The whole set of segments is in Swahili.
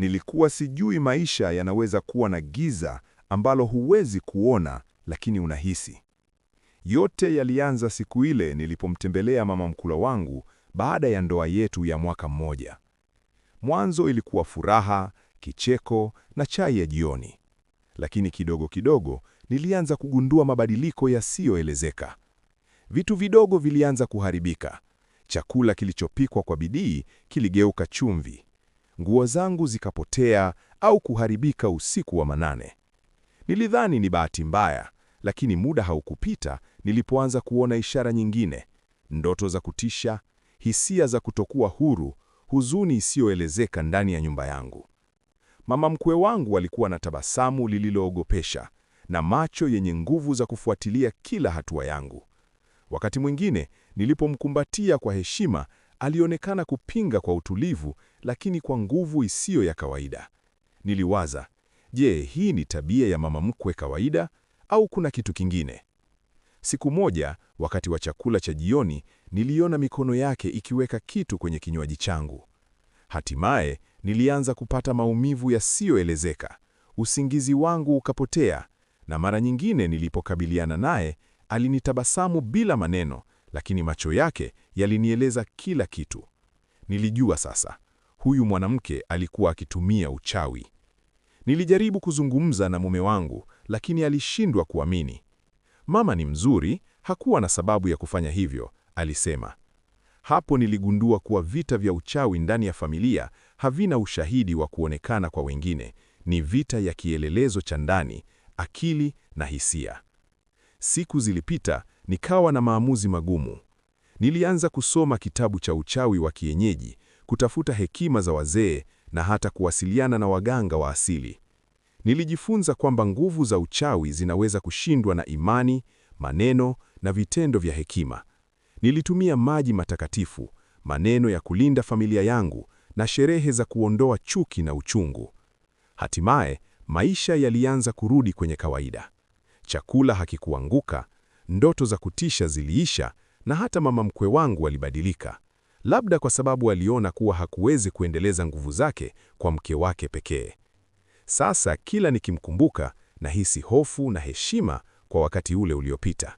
Nilikuwa sijui maisha yanaweza kuwa na giza ambalo huwezi kuona lakini unahisi. Yote yalianza siku ile nilipomtembelea mama mkula wangu baada ya ndoa yetu ya mwaka mmoja. Mwanzo ilikuwa furaha, kicheko na chai ya jioni. Lakini kidogo kidogo nilianza kugundua mabadiliko yasiyoelezeka. Vitu vidogo vilianza kuharibika. Chakula kilichopikwa kwa bidii kiligeuka chumvi nguo zangu zikapotea au kuharibika usiku wa manane. Nilidhani ni bahati mbaya, lakini muda haukupita nilipoanza kuona ishara nyingine: ndoto za kutisha, hisia za kutokuwa huru, huzuni isiyoelezeka ndani ya nyumba yangu. Mama mkwe wangu alikuwa na tabasamu lililoogopesha na macho yenye nguvu za kufuatilia kila hatua yangu. Wakati mwingine nilipomkumbatia kwa heshima, Alionekana kupinga kwa utulivu, lakini kwa nguvu isiyo ya kawaida. Niliwaza, je, hii ni tabia ya mama mkwe kawaida au kuna kitu kingine? Siku moja, wakati wa chakula cha jioni, niliona mikono yake ikiweka kitu kwenye kinywaji changu. Hatimaye, nilianza kupata maumivu yasiyoelezeka. Usingizi wangu ukapotea, na mara nyingine nilipokabiliana naye, alinitabasamu bila maneno, lakini macho yake yalinieleza kila kitu. Nilijua sasa, huyu mwanamke alikuwa akitumia uchawi. Nilijaribu kuzungumza na mume wangu, lakini alishindwa kuamini. Mama ni mzuri, hakuwa na sababu ya kufanya hivyo, alisema. Hapo niligundua kuwa vita vya uchawi ndani ya familia havina ushahidi wa kuonekana kwa wengine, ni vita ya kielelezo cha ndani, akili na hisia. Siku zilipita, nikawa na maamuzi magumu. Nilianza kusoma kitabu cha uchawi wa kienyeji, kutafuta hekima za wazee na hata kuwasiliana na waganga wa asili. Nilijifunza kwamba nguvu za uchawi zinaweza kushindwa na imani, maneno na vitendo vya hekima. Nilitumia maji matakatifu, maneno ya kulinda familia yangu na sherehe za kuondoa chuki na uchungu. Hatimaye, maisha yalianza kurudi kwenye kawaida. Chakula hakikuanguka, ndoto za kutisha ziliisha, na hata mama mkwe wangu alibadilika, labda kwa sababu aliona kuwa hakuwezi kuendeleza nguvu zake kwa mke wake pekee. Sasa kila nikimkumbuka, nahisi hofu na heshima kwa wakati ule uliopita.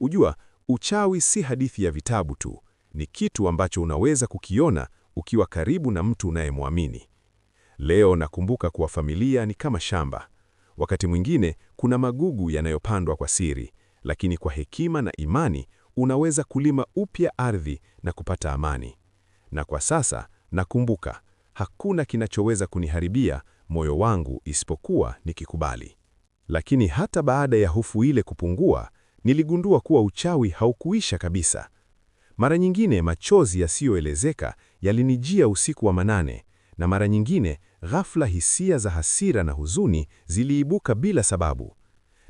Ujua, uchawi si hadithi ya vitabu tu, ni kitu ambacho unaweza kukiona ukiwa karibu na mtu unayemwamini. Leo nakumbuka kuwa familia ni kama shamba. Wakati mwingine kuna magugu yanayopandwa kwa siri, lakini kwa hekima na imani unaweza kulima upya ardhi na kupata amani. Na kwa sasa nakumbuka, hakuna kinachoweza kuniharibia moyo wangu isipokuwa nikikubali. Lakini hata baada ya hofu ile kupungua, niligundua kuwa uchawi haukuisha kabisa. Mara nyingine machozi yasiyoelezeka yalinijia usiku wa manane, na mara nyingine ghafla hisia za hasira na huzuni ziliibuka bila sababu.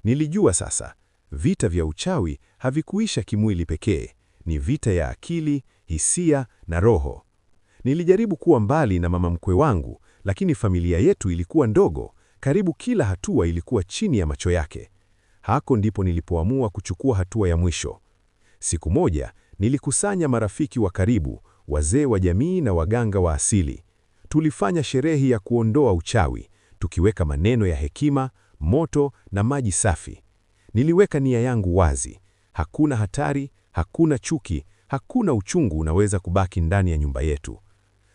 Nilijua sasa vita vya uchawi havikuisha kimwili pekee, ni vita ya akili, hisia na roho. Nilijaribu kuwa mbali na mama mkwe wangu, lakini familia yetu ilikuwa ndogo, karibu kila hatua ilikuwa chini ya macho yake. Hako ndipo nilipoamua kuchukua hatua ya mwisho. Siku moja nilikusanya marafiki wa karibu, wazee wa jamii na waganga wa asili tulifanya sherehe ya kuondoa uchawi, tukiweka maneno ya hekima, moto na maji safi. Niliweka nia yangu wazi: hakuna hatari, hakuna chuki, hakuna uchungu unaweza kubaki ndani ya nyumba yetu.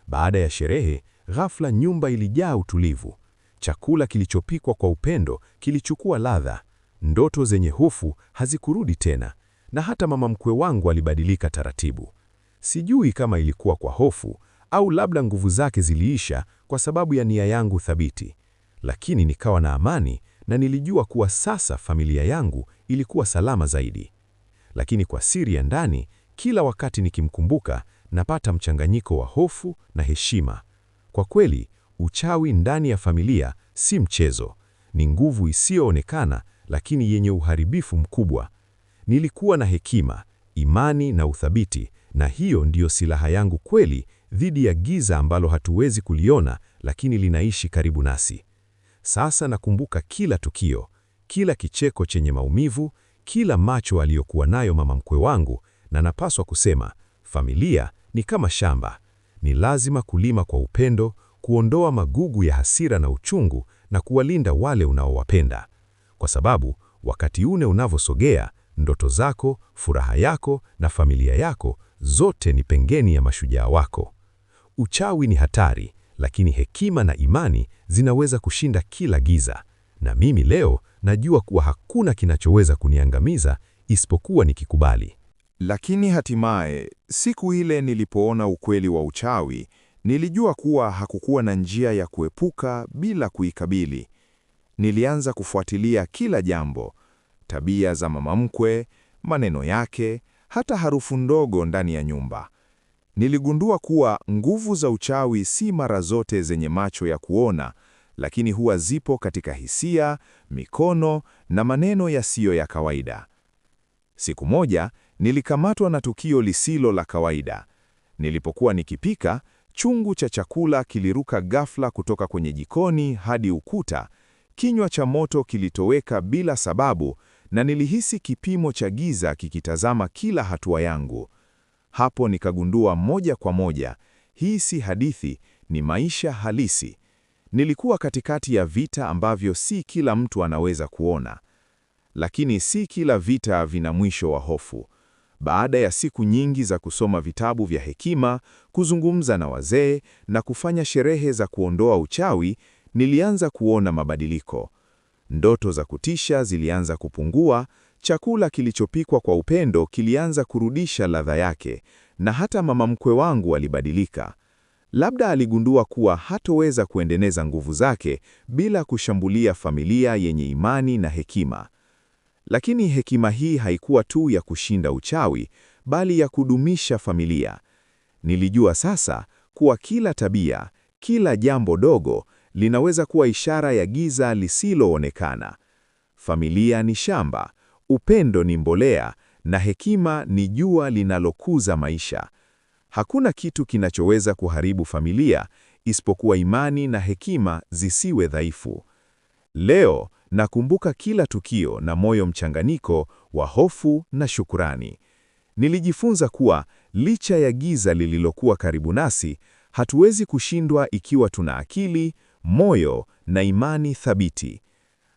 Baada ya sherehe, ghafla nyumba ilijaa utulivu. Chakula kilichopikwa kwa upendo kilichukua ladha, ndoto zenye hofu hazikurudi tena, na hata mama mkwe wangu alibadilika taratibu. Sijui kama ilikuwa kwa hofu au labda nguvu zake ziliisha kwa sababu ya nia yangu thabiti, lakini nikawa na amani na nilijua kuwa sasa familia yangu ilikuwa salama zaidi. Lakini kwa siri ya ndani, kila wakati nikimkumbuka, napata mchanganyiko wa hofu na heshima. Kwa kweli, uchawi ndani ya familia si mchezo, ni nguvu isiyoonekana lakini yenye uharibifu mkubwa. Nilikuwa na hekima, imani na uthabiti, na hiyo ndiyo silaha yangu kweli dhidi ya giza ambalo hatuwezi kuliona, lakini linaishi karibu nasi. Sasa nakumbuka kila tukio, kila kicheko chenye maumivu, kila macho aliyokuwa nayo mama mkwe wangu, na napaswa kusema familia ni kama shamba, ni lazima kulima kwa upendo, kuondoa magugu ya hasira na uchungu, na kuwalinda wale unaowapenda, kwa sababu wakati une unavyosogea, ndoto zako, furaha yako na familia yako zote ni pengeni ya mashujaa wako. Uchawi ni hatari, lakini hekima na imani zinaweza kushinda kila giza. Na mimi leo najua kuwa hakuna kinachoweza kuniangamiza isipokuwa nikikubali. Lakini hatimaye, siku ile nilipoona ukweli wa uchawi, nilijua kuwa hakukuwa na njia ya kuepuka bila kuikabili. Nilianza kufuatilia kila jambo, tabia za mama mkwe, maneno yake, hata harufu ndogo ndani ya nyumba. Niligundua kuwa nguvu za uchawi si mara zote zenye macho ya kuona, lakini huwa zipo katika hisia, mikono na maneno yasiyo ya kawaida. Siku moja nilikamatwa na tukio lisilo la kawaida. Nilipokuwa nikipika, chungu cha chakula kiliruka ghafla kutoka kwenye jikoni hadi ukuta. Kinywa cha moto kilitoweka bila sababu na nilihisi kipimo cha giza kikitazama kila hatua yangu. Hapo nikagundua moja kwa moja, hii si hadithi, ni maisha halisi. Nilikuwa katikati ya vita ambavyo si kila mtu anaweza kuona. Lakini si kila vita vina mwisho wa hofu. Baada ya siku nyingi za kusoma vitabu vya hekima, kuzungumza na wazee na kufanya sherehe za kuondoa uchawi, nilianza kuona mabadiliko. Ndoto za kutisha zilianza kupungua, chakula kilichopikwa kwa upendo kilianza kurudisha ladha yake, na hata mama mkwe wangu alibadilika. Labda aligundua kuwa hatoweza kuendeleza nguvu zake bila kushambulia familia yenye imani na hekima. Lakini hekima hii haikuwa tu ya kushinda uchawi, bali ya kudumisha familia. Nilijua sasa kuwa kila tabia, kila jambo dogo linaweza kuwa ishara ya giza lisiloonekana. Familia ni shamba, upendo ni mbolea, na hekima ni jua linalokuza maisha. Hakuna kitu kinachoweza kuharibu familia isipokuwa imani na hekima zisiwe dhaifu. Leo nakumbuka kila tukio na moyo mchanganyiko wa hofu na shukurani. Nilijifunza kuwa licha ya giza lililokuwa karibu nasi, hatuwezi kushindwa ikiwa tuna akili, moyo na imani thabiti.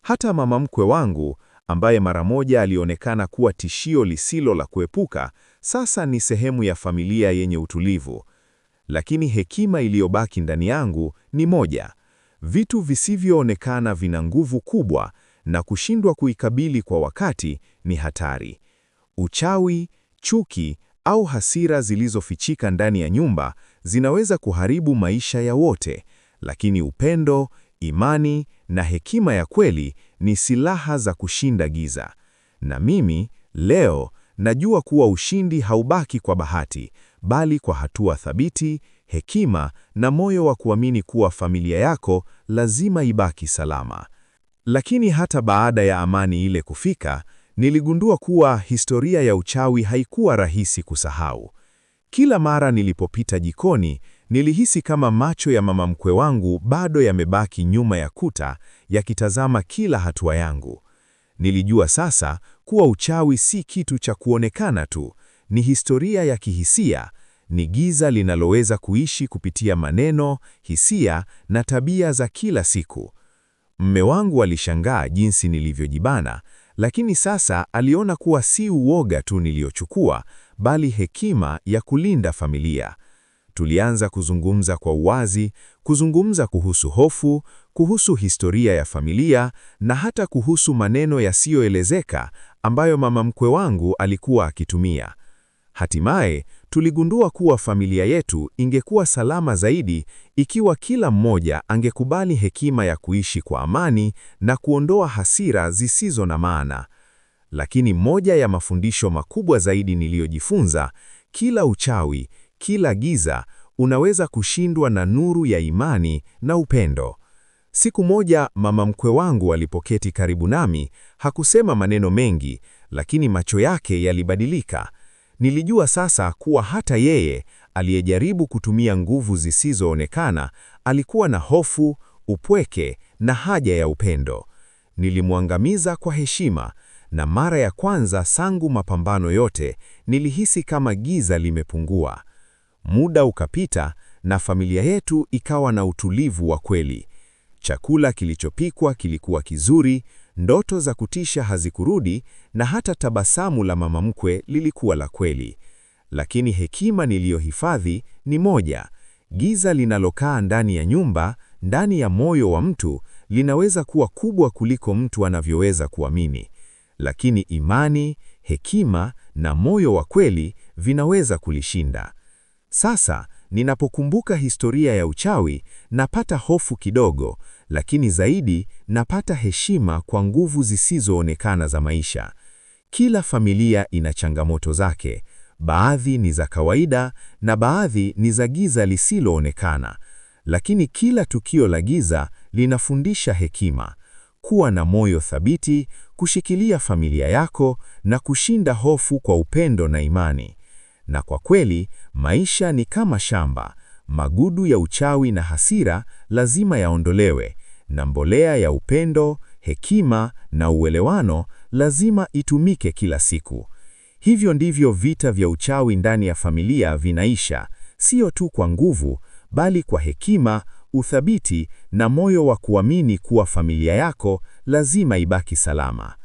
Hata mama mkwe wangu ambaye mara moja alionekana kuwa tishio lisilo la kuepuka, sasa ni sehemu ya familia yenye utulivu. Lakini hekima iliyobaki ndani yangu ni moja: vitu visivyoonekana vina nguvu kubwa, na kushindwa kuikabili kwa wakati ni hatari. Uchawi, chuki au hasira zilizofichika ndani ya nyumba zinaweza kuharibu maisha ya wote lakini upendo, imani na hekima ya kweli ni silaha za kushinda giza. Na mimi leo najua kuwa ushindi haubaki kwa bahati, bali kwa hatua thabiti, hekima na moyo wa kuamini kuwa familia yako lazima ibaki salama. Lakini hata baada ya amani ile kufika, niligundua kuwa historia ya uchawi haikuwa rahisi kusahau. Kila mara nilipopita jikoni, Nilihisi kama macho ya mama mkwe wangu bado yamebaki nyuma ya kuta, yakitazama kila hatua yangu. Nilijua sasa kuwa uchawi si kitu cha kuonekana tu, ni historia ya kihisia, ni giza linaloweza kuishi kupitia maneno, hisia na tabia za kila siku. Mme wangu alishangaa jinsi nilivyojibana, lakini sasa aliona kuwa si uoga tu niliochukua, bali hekima ya kulinda familia tulianza kuzungumza kwa uwazi, kuzungumza kuhusu hofu, kuhusu historia ya familia na hata kuhusu maneno yasiyoelezeka ambayo mama mkwe wangu alikuwa akitumia. Hatimaye tuligundua kuwa familia yetu ingekuwa salama zaidi ikiwa kila mmoja angekubali hekima ya kuishi kwa amani na kuondoa hasira zisizo na maana. Lakini moja ya mafundisho makubwa zaidi niliyojifunza, kila uchawi kila giza, unaweza kushindwa na nuru ya imani na upendo. Siku moja mama mkwe wangu alipoketi karibu nami, hakusema maneno mengi, lakini macho yake yalibadilika. Nilijua sasa kuwa hata yeye aliyejaribu kutumia nguvu zisizoonekana alikuwa na hofu, upweke na haja ya upendo. Nilimwangamiza kwa heshima, na mara ya kwanza sangu mapambano yote, nilihisi kama giza limepungua. Muda ukapita na familia yetu ikawa na utulivu wa kweli. Chakula kilichopikwa kilikuwa kizuri, ndoto za kutisha hazikurudi na hata tabasamu la mama mkwe lilikuwa la kweli. Lakini hekima niliyohifadhi ni moja: giza linalokaa ndani ya nyumba, ndani ya moyo wa mtu, linaweza kuwa kubwa kuliko mtu anavyoweza kuamini. Lakini imani, hekima na moyo wa kweli vinaweza kulishinda. Sasa ninapokumbuka historia ya uchawi napata hofu kidogo, lakini zaidi napata heshima kwa nguvu zisizoonekana za maisha. Kila familia ina changamoto zake, baadhi ni za kawaida na baadhi ni za giza lisiloonekana. Lakini kila tukio la giza linafundisha hekima, kuwa na moyo thabiti, kushikilia familia yako na kushinda hofu kwa upendo na imani. Na kwa kweli, maisha ni kama shamba, magudu ya uchawi na hasira lazima yaondolewe, na mbolea ya upendo, hekima na uelewano lazima itumike kila siku. Hivyo ndivyo vita vya uchawi ndani ya familia vinaisha, sio tu kwa nguvu, bali kwa hekima, uthabiti na moyo wa kuamini kuwa familia yako lazima ibaki salama.